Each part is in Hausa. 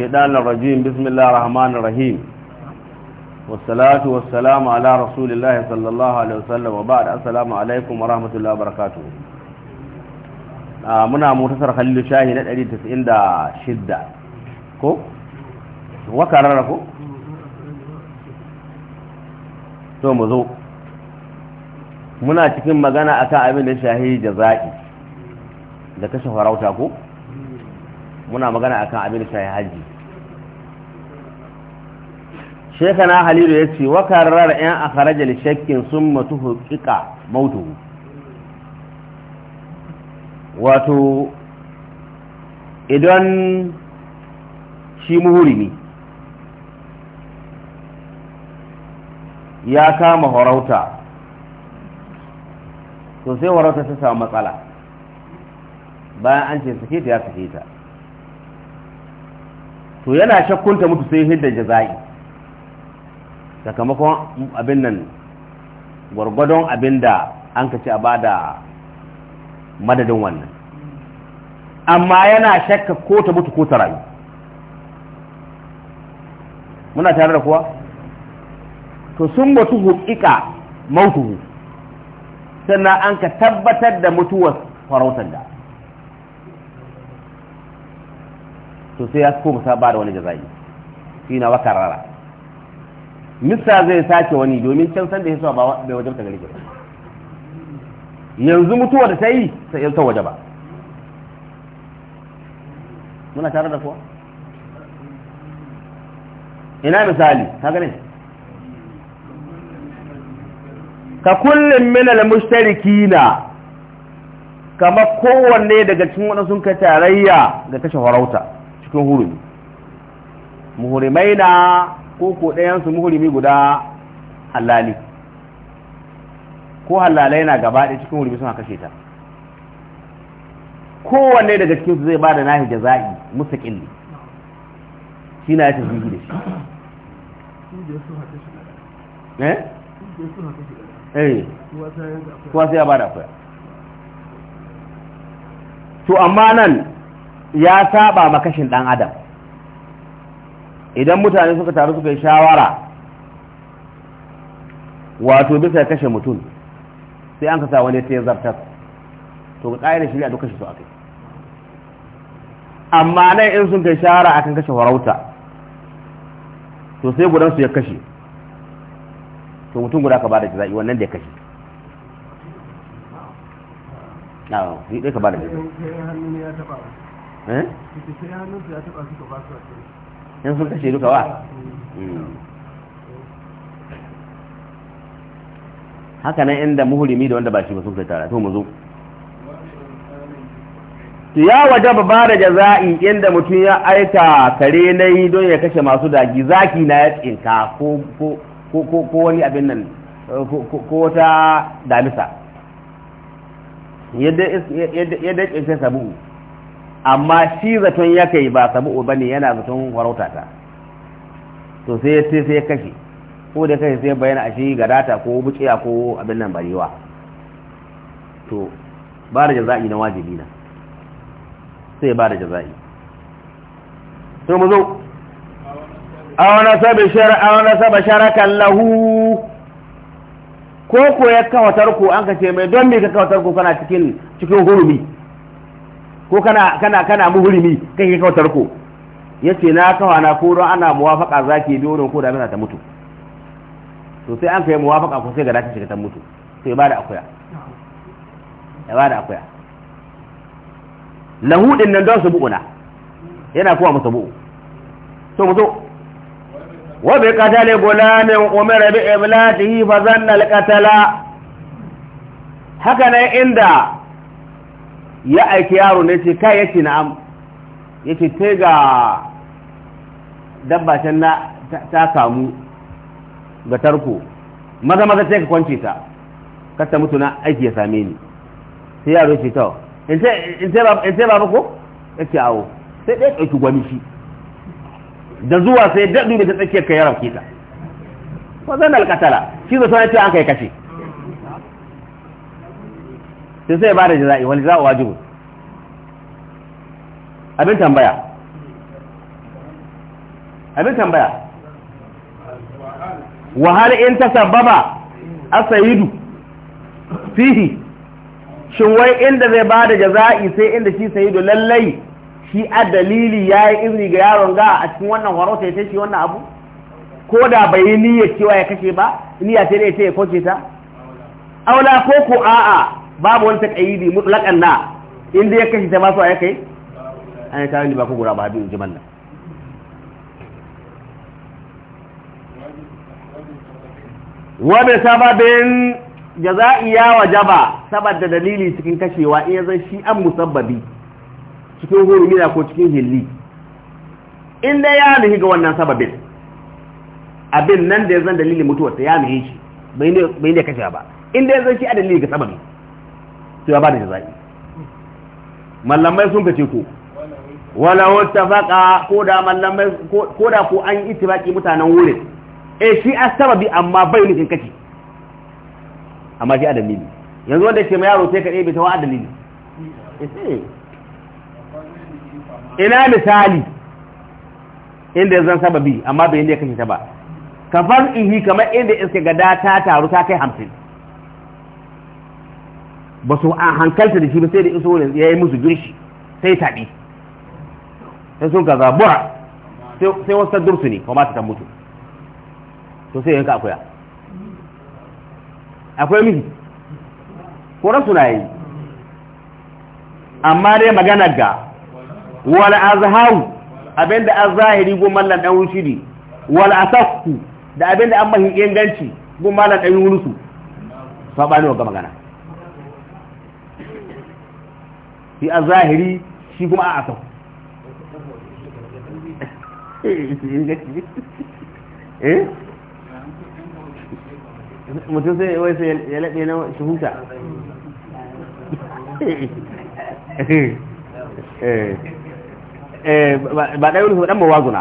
الشيطان الرجيم بسم الله الرحمن الرحيم والصلاة والسلام على رسول الله صلى الله عليه وسلم وبعد السلام عليكم ورحمة الله وبركاته muna mutasar khalilu shahi na ko to mu zo muna cikin magana akan abin da shahi jaza'i da kashe farauta ko muna magana akan abin da shahi haji shekana halilu ya ce wa karar yan a kharajar shakkin sun matu hukika mautu wato idan shi muhurimi ya kama horauta to sai horauta ta samu matsala bayan an ce sake ta ya sake ta to yana shakkunta mutu sai hidda jaza'i sakamakon abin nan gwargwadon abin da an ka ci a bada madadin wannan amma yana shakka ko ta mutu ko ta rayu muna tare da kuwa to sun mutu hukika mautu sannan an ka tabbatar da mutuwar farautar da to sai ya koma sa ba da wani jazayi shi na rara. mista zai sace wani domin can san da ya sa bai wajen ta ba yanzu mutuwa da ta yi sai ta waje ba muna tare da kuwa ina misali ka gane ka kullum minal mushtarikina kamar kowanne daga cikin sun ka tarayya ga kashe farauta cikin hurumi muhurimai na ko ko ɗayansu muhurimi guda halali ko halalai na gaba ɗaya cikin muhurimi suna kashe ta kowanne daga cikinsu zai ba da nahi jaza'i musu ƙilli shi na ya tafi da shi eh eh kuwa sai ya ba da akwai to amma nan ya saba makashin ɗan adam idan mutane suka taru suka yi shawara wato bisa kashe mutum sai an kasa wani sai zartar to ga ƙa'idar shirya duk kashe su a kai, amma nan in sun kai shawara akan kashe farauta to sai gudan su ya kashe to mutum guda ka bada jiragen wannan da ya kashe na shi dai ka bada eh ya taba ka ba eh? su in sun kashe duka wa haka nan inda muhulimi da wanda ba shi ba sun kai tara to mu zo ya waje ba da jaza'i inda mutum ya aika kare na yi don ya kashe masu dagi zaki na ya tsinka ko wani abin nan ko wata damisa yadda ya tsinka sabu amma shi zaton ya kai ba sabu'u bane yana zaton warauta ta to sai ya sai ya kashe ko da kashe sai bayyana ashe gadata ko buciya ko abin nan barewa to ba da jaza'i na wajibi na sai ba da jaza'i to mu zo awana sabi shara awana sabi sharakan lahu ko ko ya kawatar ku an kace mai don me ka kawatar ku kana cikin cikin hurumi ko kana kana kana muhurimi kai kai kawai tarko yace na kawa na ko don ana muwafaka zaki biyo don ko da ta mutu to sai an kai muwafaka ko sai ga ta shiga ta mutu sai ba da akuya ya ba da akuya lahu din nan don su bu'una yana kuwa musu bu'u to mu zo wa bi qatali gulamin umira bi iblatihi fa zanna al qatala haka ne inda ya aiki yaro ne ce kai yake na'am yake ce ga dabba can na ta kamu ga tarko maza maza sai ka kwance ta kasta mutu na aiki ya same ni sai yaro ce ta in sai babu ko ce awo sai ɗaya ɗauki gwani shi da zuwa sai daɗu da ta tsakiyar ka ya rauke ta ko zan alƙatala shi zai sanar ce an kai kashe sai sai ba da jaza'i wani za'u wajibu abin tambaya abin tambaya wa hal in a sayidu fihi shin wai inda zai ba da jaza'i sai inda shi sayidu lallai shi a dalili ya yi izini ga yaron ga a cikin wannan warauta ya ce shi wannan abu ko da bai yi niyyar cewa ya kashe ba niyyar ta da ya ce ya kwace ta aula ko ku a'a babu wani taqayidi mutlaqan na inda ya kashe ta ba su kai an ta yi ba ku gura ba hadin jiman nan wa bi sababin jaza'i ya wajaba saboda dalili cikin kashewa in zan shi an musabbabi cikin hurumina ko cikin hilli in dai ya nuhi ga wannan sababin abin nan da ya zan dalilin mutuwarsa ya nuhi shi bai ne kashewa ba in ya zan shi a dalili ga sababin sai ya ba da jazai mallamai sun kace ko wala wattafaqa ko da mallamai ko da ko an ittifaqi mutanen wurin eh shi sababi amma bai nufin kace amma shi adami ne yanzu wanda ke mayaro yaro sai ka ɗebe ta wa ne eh, eh. ina misali inda zan sababi amma bai ne kashe ta ba kafar ihi kamar inda iska gada ta taru ta kai hamsin ba su a hankalta da shi ba sai da iso ne ya yi musu girshi sai taɓi sai sun ka zabura sai wasu dursu ne kuma ta mutu to sai yanka akuya akwai miji ko rasu na yi amma dai magana ga wala azharu abinda an zahiri gun mallan dan ne wala asafku da abinda an mahi inganci gun mallan dan ba ne wa magana shi a zahiri shi kuma a asau eh? mutum sai wai sai ya laɓe na eh. Eh, ba ɗaya wani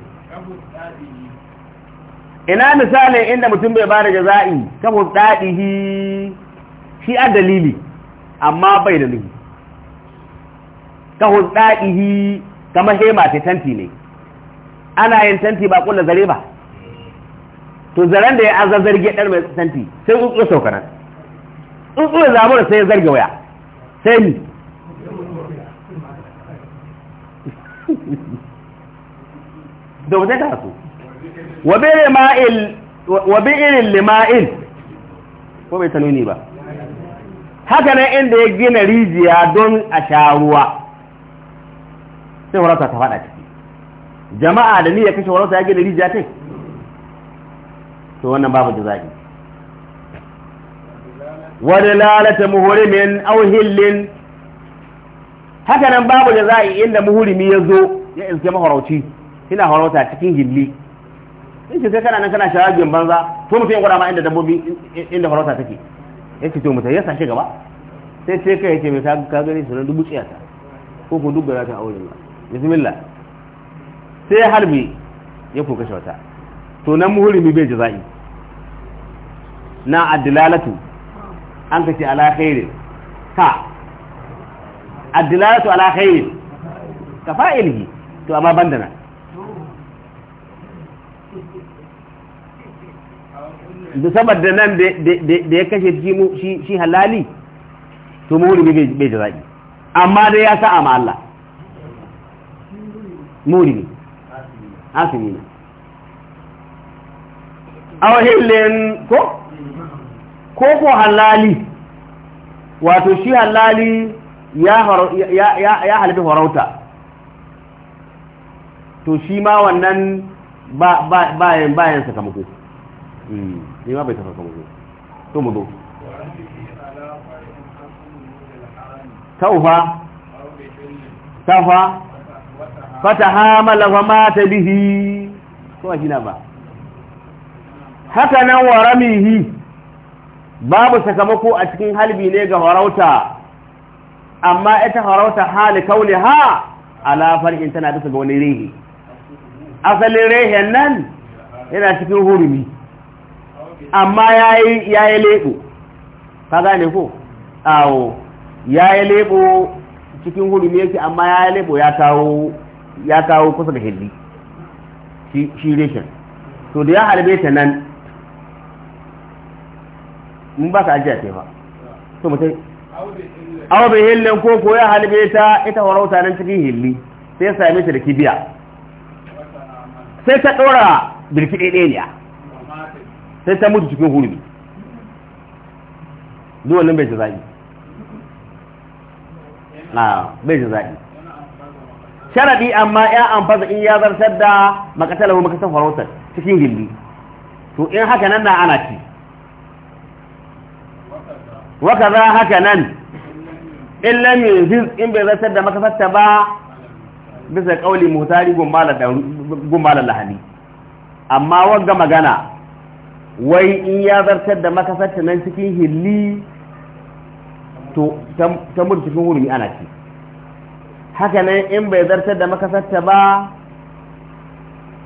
ina misalin inda mutum bai bada jaza'i ta hudadihi shi a dalili amma bai da nuhi ta hudadihi kamar hema ta tanti ne ana yin tanti ba kula zare ba to zaren da ya azar zarge dan mai tanti sai tsutsu saukanan tsutsu da zamura sai ya zarge waya sai ni da wajen da su wa bi'irin lima'in ko bai tanuni ba haka nan inda ya gina rijiya don a sha ruwa sai warauta ta faɗa ciki jama'a da ni ya kashe warauta ya gina rijiya ta to wannan babu jaza'i wani lalata muhurimin auhillin haka nan babu jaza'i inda muhurimi ya zo ya iske maharauci yana harauta cikin gilli in ce kai kana nan kana shawagin banza to mutum ya gwada ma inda dabbobi inda farauta take ya ce to mutum ya sashe gaba sai ce kai yake ce mai ka gani su dubu tsiyata ko ko duk gara ta aure ba bismillah sai harbi ya kuka shauta to nan muhulimi bai jaza'i na addilalatu an kace ala khairin ka addilalatu ala khairin ka fa'ilhi to amma bandana da sabar da nan da ya kashe shi halali to murimi bai da zaki amma dai ya sa'a ma Allah muri ne asimi ne a wahillin ko? ko ko halali wato shi halali ya halibi farauta to shi ma wannan bayan sakamako. Mm. ni ma bai tafi kan wuce to mu zo taufa tafa mala wa mata bihi ko shi na ba haka nan waramihi babu sakamako a cikin halbi ne ga harauta amma ita harauta hali kauli ha ala farkin tana bisa ga wani rehe asalin rehen nan yana cikin hurumi amma yayi yayi lebo ka gane ko awo yayi lebo cikin hurumi yake amma yayi lebo ya kawo ya kawo kusa da hilli shi reshen to da ya halbe ta nan mun ba ka ajiya ce ba to mutai awa bai hillin ko ko ya halbe ta ita warauta nan cikin hilli sai ya same ta da kibiya sai ta ɗora birki ɗaya ɗaya sai ta mutu cikin hurumi duk wannan bai jaza'i a bai jaza'i sharadi amma ya amfasa in ya zartar da makatalar makasar farautar cikin gilli to in haka nan na ana ci waka za haka nan in lam yunfiz in bai zartar da ta ba bisa kauli mutari gumbalar lahani amma wanga magana wai in ya zartar da makasarta nan cikin hilli to ta mutu cikin hurumi ana ci haka nan in bai zartar da makasarta ba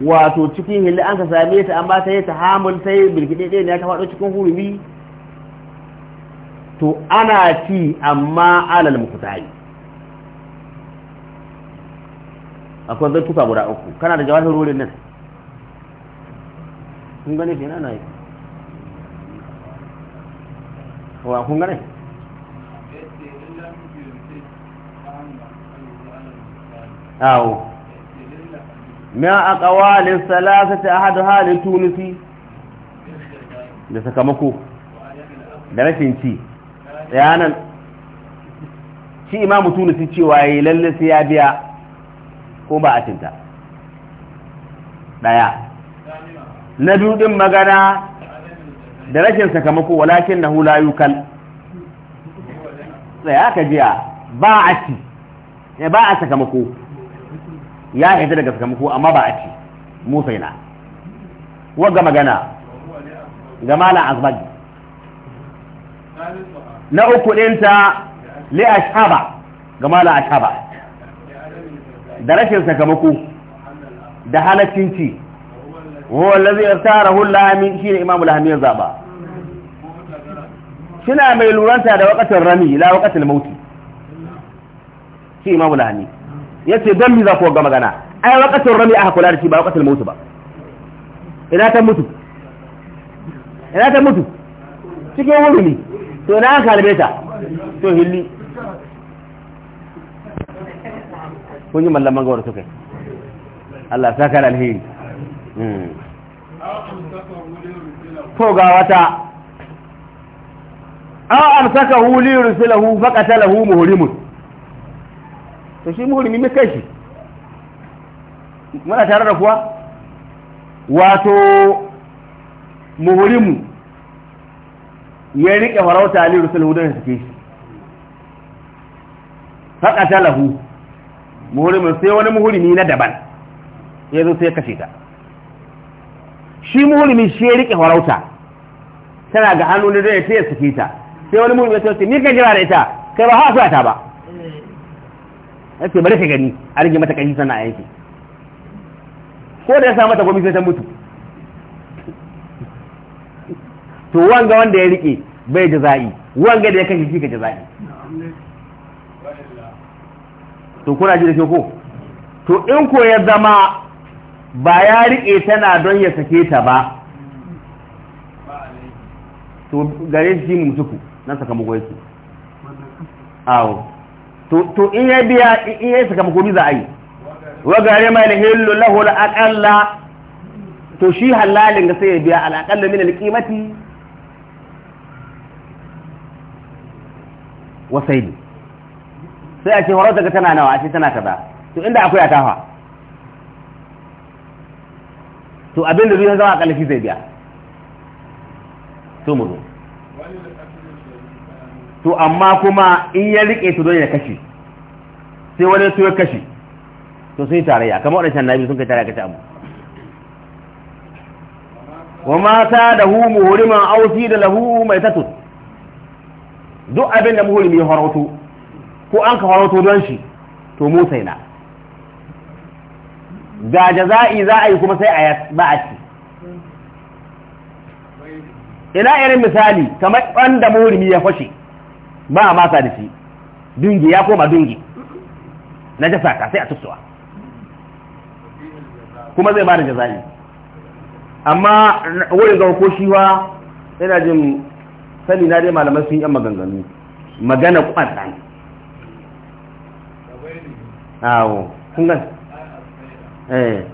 wato cikin hilli an ka same ta amma ta yi ta hamul ta yi birkiɗe ɗaya ne ya faɗo cikin hurumi to ana ci amma alal mukutai akwai tuka guda uku kana da jawahar rurin nan sun gane kenan na yi wa kun gane awo min aqwalin salasati ahaduha li tunisi da sakamako da rashin ci tsayanan shi imamu tunisi cewa ya yi sai ya biya ko ba a cinta daya na dudin magana da rashin sakamako walakin na hula yukal sai aka jiya ba a ci eh, ba a sakamako ya haifar daga sakamako amma ba a ci musa yana ga magana ga malan azbag na uku ɗinta li ashaba ga malam ashaba da rashin sakamako da halaccin ci huwa allazi yaftarahu hulami shi ne imamu lahami ya zaba shina mai luranta da wakatin rami la wakatin mauti shi imamu lahmi yace dan mi za ku ga magana ai wakatin rami aka kula da shi ba wakatin mauti ba ina ta mutu ina ta mutu cikin ne to na an kalbe ta to hilli kun yi mallaman gawar suka Allah saka alheri Hmm. to ga wata a amsaka huli rusulahu faqatalahu muhrimun to shi muhrimi ne kai shi muna tare da kuwa wato muhrimu ya rike farauta ali rusulahu don suke shi lahu muhrimun sai wani muhrimi na daban yazo sai kashe ta shi muhulmi shi ya riƙe farauta tana ga hannu da zai ce suke ta sai wani muhulmi ya ce ni ka jira da ita kai ba hasu ta ba ce bari ka gani a rage mata kashi sana a ko da ya sa mata gwamnati ta mutu to wanga wanda ya riƙe bai jaza'i wanga da ya kashe shi ka jaza'i to kuna ji da ko to in ko ya zama ba ya riƙe tana don ya sake ta ba to gare shi mu suku na sakamako yake awo to in ya biya in ya sakamako bi za a yi wa gare mai lahillu lahu al-aqalla to shi halalin ga sai ya biya alakalla min al-qimati sai a ce horar daga tana nawa a ce tana kaza to inda akwai a atafa to abin da zuwa zama akalla shi zai biya to mu zo to amma kuma in ya rike su don ya kashe sai wani su ya kashe to sun yi tarayya kamar waɗancan nabi sun kai tarayya kashe amma wa mata da hu muhuriman ausi da lahu mai tattu duk abin da muhurimi ya horoto ko an ka horoto don shi to sai na ga jaza'i za a yi kuma sai a ba a ci ina irin misali kamar wanda murimi ya fashe ba a masa da shi dungi ya koma dungi na jasa ka sai a tuttuwa kuma zai ba da jaza'i amma wurin ga hukoshi wa ina jin sani na dai malaman sun yi maganganu magana an ɗan awo kun gan eh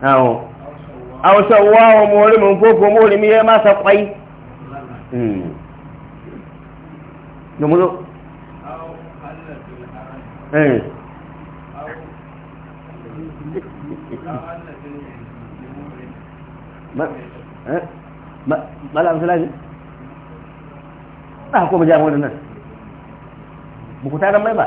awo awo sawawo mori mun ko ko mori mi ma sa kwai mm no mu eh ma ma mala musalani ba ah, ko mu ja mu nan buku ta nan mai ba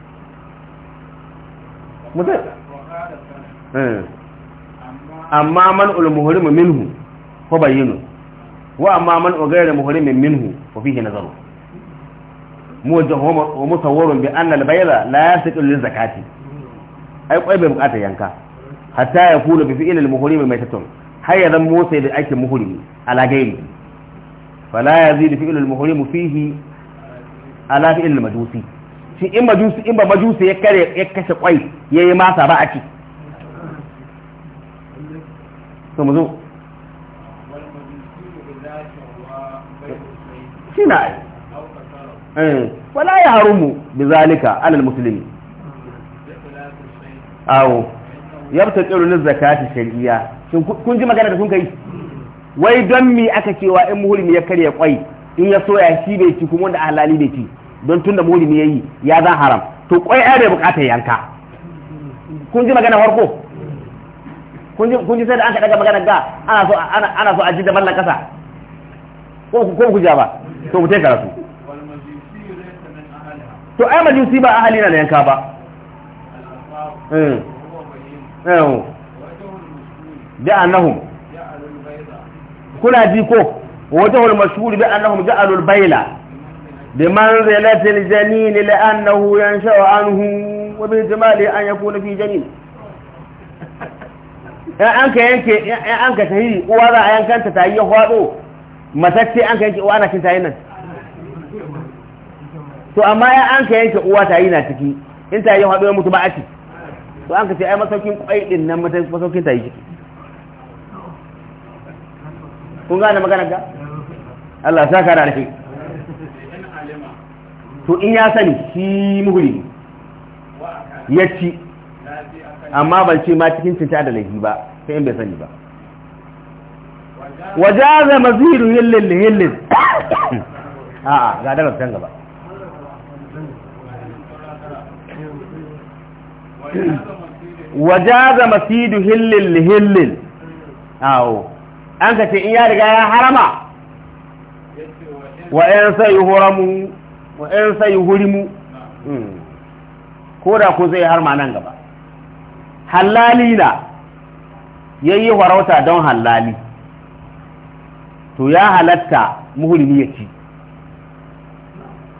mutum eh. amma man ulmuhurimu minhu ko bayyinu wa amma man ugayar muhurimin minhu ko fihi nazaru mu muwajjahu wa musawwarun bi anna al-bayda la yasiqu lil zakati ai kwai bai bukata yanka hatta ya kula bi fi'il al-muhrimi mai tatum har dan musa da ake muhurimi ala gairi fala yazidu fi'il al-muhrimi fihi ala fi'il al-majusi shi in majusi in ba majusi ya kare ya kashe kwai ya yi masa ba a ci so mu zo shina ai eh. wala ya mu, bi zalika alal muslimi awo yabta zaka zakati shari'a shin kun ji magana da kun kai wai don mi aka cewa in muhulmi ya karya kwai in ya soya shi bai ci kuma wanda halali bai ci don tun da mulimi ya yi ya zan haram to kwai ya bai bukatar yanka kun ji magana farko kun ji sai da an kaɗa magana ga ana so a ji da mallan ƙasa ko ku ja ba to ku taika rasu to ai majusi ba ahali na da yanka ba da eh. eh. annahum kuna ji ko wajen mashhur bi annahum ja'alul bayla بمنزلة الجنين لأنه ينشأ عنه وبالجمال أن يكون في جنين an ka yanke an anka tahi uwa za a yankanta ta yi hwado matacce an yanke uwa na cin tayi nan to amma ya anka ka yanke uwa tahi na ciki in tayi hwado ya mutu ba a ci to anka ka ce ai masaukin kwai din nan masaukin tayi ciki kun gane magana ga Allah saka da alheri to in ya sani shi muhuri ya ci amma ban ce ma cikin cinta da laifi ba sai in bai sani ba waje wajaza maziru hillin da hillin a ga daga can gaba wajaza masidu hillin da hillin awo an ka ce in ya riga ya harama wa ‘yan sai huramu wa ‘yan sai ko da ku zai har ma nan gaba hallali na ya yi farauta don hallali to ya halatta muhulmi ya ci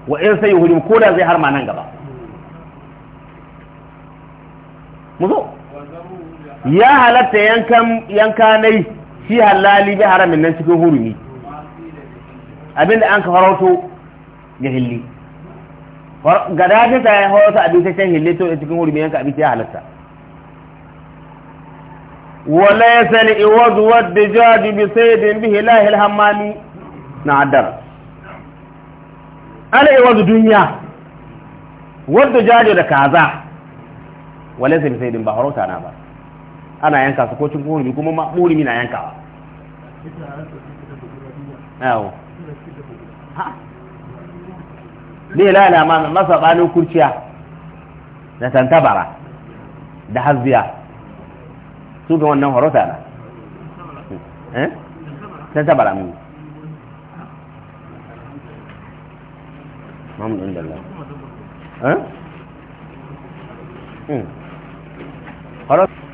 wa ‘yan sai mu ko da zai har ma nan gaba muzo ya halatta yankan yankanai shi hallali bi haramin nan cikin hurumi abinda an ka farauto ga hilli ga dafin sa ya farauto abinci can hilli to cikin wuri mai yanka abinci ya halatta wala ya sani iwazu wadda jaji bi sayyidin bihi lahil hammami na addara ala iwazu duniya wadda jaji da kaza wala ya sani sayyidin ba farauta na ba ana yanka su ko cikin wuri kuma ma na yankawa yawo zai lala masa ɓanin kurciya da tantabara da hazziya su ga wannan horota na eh? tantabara mu mamun dalla eh? hmm. horota